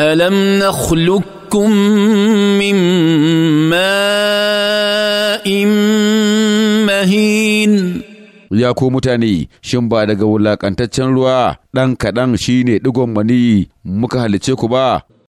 ألم نخلقكم من ماء مهين ya ku mutane shin ba daga wulaƙantaccen ruwa ɗan kaɗan shine ɗigon mani muka halice ku ba